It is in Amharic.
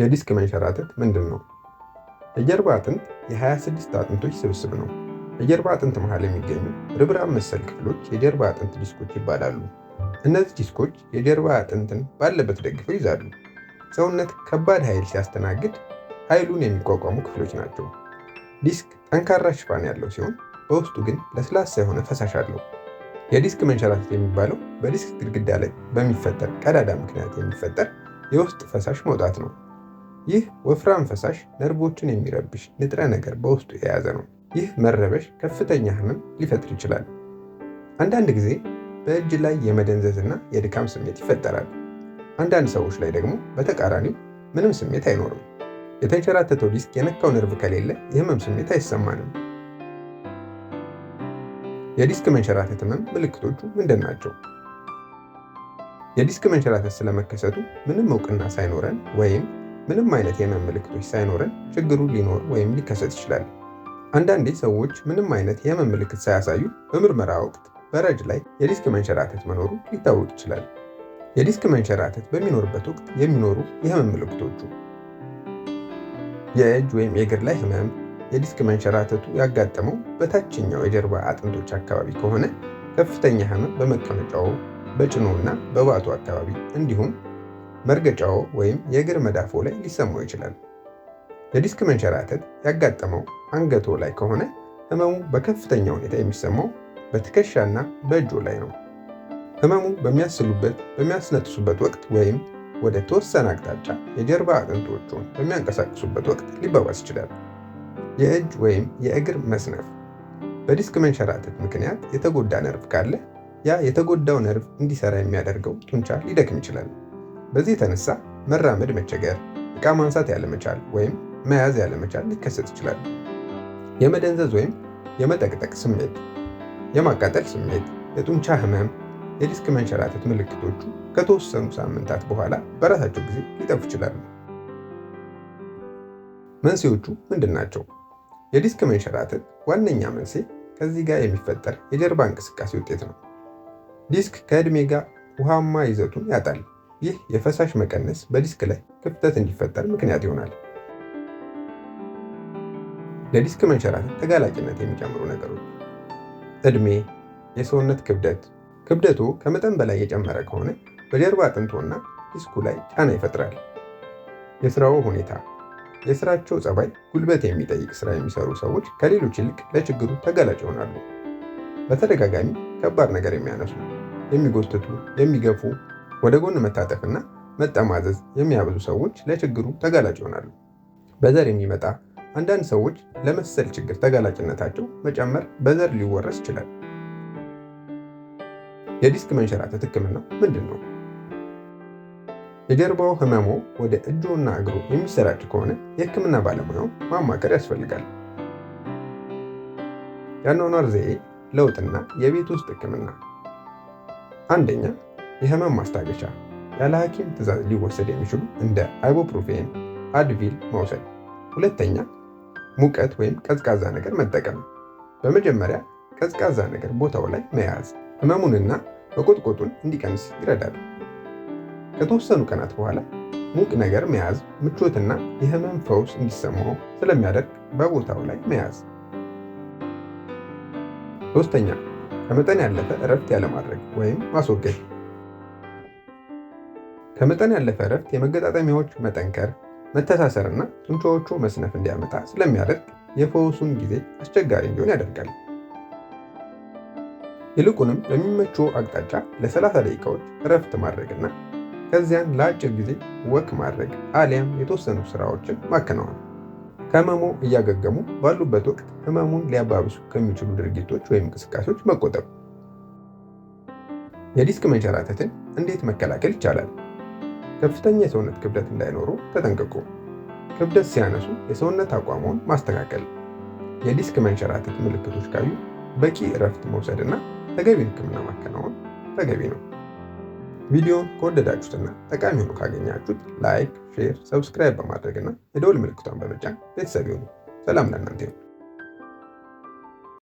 የዲስክ መንሸራተት ምንድን ነው? የጀርባ አጥንት የ26 አጥንቶች ስብስብ ነው። የጀርባ አጥንት መሃል የሚገኙ ርብራብ መሰል ክፍሎች የጀርባ አጥንት ዲስኮች ይባላሉ። እነዚህ ዲስኮች የጀርባ አጥንትን ባለበት ደግፈው ይዛሉ። ሰውነት ከባድ ኃይል ሲያስተናግድ ኃይሉን የሚቋቋሙ ክፍሎች ናቸው። ዲስክ ጠንካራ ሽፋን ያለው ሲሆን በውስጡ ግን ለስላሳ የሆነ ፈሳሽ አለው። የዲስክ መንሸራተት የሚባለው በዲስክ ግድግዳ ላይ በሚፈጠር ቀዳዳ ምክንያት የሚፈጠር የውስጥ ፈሳሽ መውጣት ነው። ይህ ወፍራም ፈሳሽ ነርቮችን የሚረብሽ ንጥረ ነገር በውስጡ የያዘ ነው። ይህ መረበሽ ከፍተኛ ህመም ሊፈጥር ይችላል። አንዳንድ ጊዜ በእጅ ላይ የመደንዘዝና የድካም ስሜት ይፈጠራል። አንዳንድ ሰዎች ላይ ደግሞ በተቃራኒው ምንም ስሜት አይኖርም። የተንሸራተተው ዲስክ የነካው ነርቭ ከሌለ የህመም ስሜት አይሰማንም። የዲስክ መንሸራተት ህመም ምልክቶቹ ምንድን ናቸው? የዲስክ መንሸራተት ስለመከሰቱ ምንም እውቅና ሳይኖረን ወይም ምንም አይነት የህመም ምልክቶች ሳይኖረን ችግሩ ሊኖር ወይም ሊከሰት ይችላል። አንዳንዴ ሰዎች ምንም አይነት የህመም ምልክት ሳያሳዩ በምርመራ ወቅት በረጅ ላይ የዲስክ መንሸራተት መኖሩ ሊታወቅ ይችላል። የዲስክ መንሸራተት በሚኖርበት ወቅት የሚኖሩ የህመም ምልክቶቹ የእጅ ወይም የእግር ላይ ህመም። የዲስክ መንሸራተቱ ያጋጠመው በታችኛው የጀርባ አጥንቶች አካባቢ ከሆነ ከፍተኛ ህመም በመቀመጫው፣ በጭኑና በባቱ አካባቢ እንዲሁም መርገጫው ወይም የእግር መዳፎ ላይ ሊሰማው ይችላል። የዲስክ መንሸራተት ያጋጠመው አንገቶ ላይ ከሆነ ህመሙ በከፍተኛ ሁኔታ የሚሰማው በትከሻና በእጆ ላይ ነው። ህመሙ በሚያስሉበት በሚያስነጥሱበት ወቅት ወይም ወደ ተወሰነ አቅጣጫ የጀርባ አጥንቶቹን በሚያንቀሳቅሱበት ወቅት ሊባባስ ይችላል። የእጅ ወይም የእግር መስነፍ በዲስክ መንሸራተት ምክንያት የተጎዳ ነርቭ ካለ ያ የተጎዳው ነርቭ እንዲሰራ የሚያደርገው ጡንቻ ሊደክም ይችላል። በዚህ የተነሳ መራመድ መቸገር፣ ዕቃ ማንሳት ያለመቻል ወይም መያዝ ያለመቻል ሊከሰት ይችላል። የመደንዘዝ ወይም የመጠቅጠቅ ስሜት፣ የማቃጠል ስሜት፣ የጡንቻ ህመም፣ የዲስክ መንሸራተት ምልክቶቹ ከተወሰኑ ሳምንታት በኋላ በራሳቸው ጊዜ ሊጠፉ ይችላሉ። መንስኤዎቹ ምንድን ናቸው? የዲስክ መንሸራተት ዋነኛ መንስኤ ከዚህ ጋር የሚፈጠር የጀርባ እንቅስቃሴ ውጤት ነው። ዲስክ ከዕድሜ ጋር ውሃማ ይዘቱን ያጣል። ይህ የፈሳሽ መቀነስ በዲስክ ላይ ክፍተት እንዲፈጠር ምክንያት ይሆናል። ለዲስክ መንሸራተት ተጋላጭነት የሚጨምሩ ነገሮች እድሜ፣ የሰውነት ክብደት። ክብደቱ ከመጠን በላይ የጨመረ ከሆነ በጀርባ አጥንቶና ዲስኩ ላይ ጫና ይፈጥራል። የስራው ሁኔታ የስራቸው ጸባይ ጉልበት የሚጠይቅ ስራ የሚሰሩ ሰዎች ከሌሎች ይልቅ ለችግሩ ተጋላጭ ይሆናሉ። በተደጋጋሚ ከባድ ነገር የሚያነሱ፣ የሚጎትቱ፣ የሚገፉ ወደ ጎን መታጠፍና መጠማዘዝ የሚያበዙ ሰዎች ለችግሩ ተጋላጭ ይሆናሉ። በዘር የሚመጣ አንዳንድ ሰዎች ለመሰል ችግር ተጋላጭነታቸው መጨመር በዘር ሊወረስ ይችላል። የዲስክ መንሸራተት ህክምና ምንድን ነው? የጀርባው ህመሞ ወደ እጆና እግሮ የሚሰራጭ ከሆነ የህክምና ባለሙያው ማማከር ያስፈልጋል። የአኗኗር ዘዬ ለውጥና የቤት ውስጥ ህክምና አንደኛ የህመም ማስታገሻ ያለ ሐኪም ትዛዝ ሊወሰድ የሚችሉ እንደ አይቦፕሮፌን፣ አድቪል መውሰድ። ሁለተኛ ሙቀት ወይም ቀዝቃዛ ነገር መጠቀም። በመጀመሪያ ቀዝቃዛ ነገር ቦታው ላይ መያዝ ህመሙንና መቆጥቆጡን እንዲቀንስ ይረዳል። ከተወሰኑ ቀናት በኋላ ሙቅ ነገር መያዝ ምቾትና የህመም ፈውስ እንዲሰማው ስለሚያደርግ በቦታው ላይ መያዝ። ሶስተኛ ከመጠን ያለፈ እረፍት ያለማድረግ ወይም ማስወገድ ከመጠን ያለፈ እረፍት የመገጣጠሚያዎች መጠንከር፣ መተሳሰርና ጡንቻዎቹ መስነፍ እንዲያመጣ ስለሚያደርግ የፈውሱን ጊዜ አስቸጋሪ እንዲሆን ያደርጋል። ይልቁንም በሚመቹ አቅጣጫ ለ30 ደቂቃዎች እረፍት ማድረግና ከዚያን ለአጭር ጊዜ ወክ ማድረግ አሊያም የተወሰኑ ስራዎችን ማከናወን ከህመሙ እያገገሙ ባሉበት ወቅት ህመሙን ሊያባብሱ ከሚችሉ ድርጊቶች ወይም እንቅስቃሴዎች መቆጠብ። የዲስክ መንሸራተትን እንዴት መከላከል ይቻላል? ከፍተኛ የሰውነት ክብደት እንዳይኖሩ ተጠንቀቁ። ክብደት ሲያነሱ የሰውነት አቋሙን ማስተካከል፣ የዲስክ መንሸራተት ምልክቶች ካዩ በቂ እረፍት መውሰድና ተገቢ ሕክምና ማከናወን ተገቢ ነው። ቪዲዮን ከወደዳችሁትና ጠቃሚ ሆኖ ካገኛችሁት ላይክ፣ ሼር፣ ሰብስክራይብ በማድረግና የደወል ምልክቷን በመጫን ቤተሰብ ይሁኑ። ሰላም ለእናንተ ይሁን።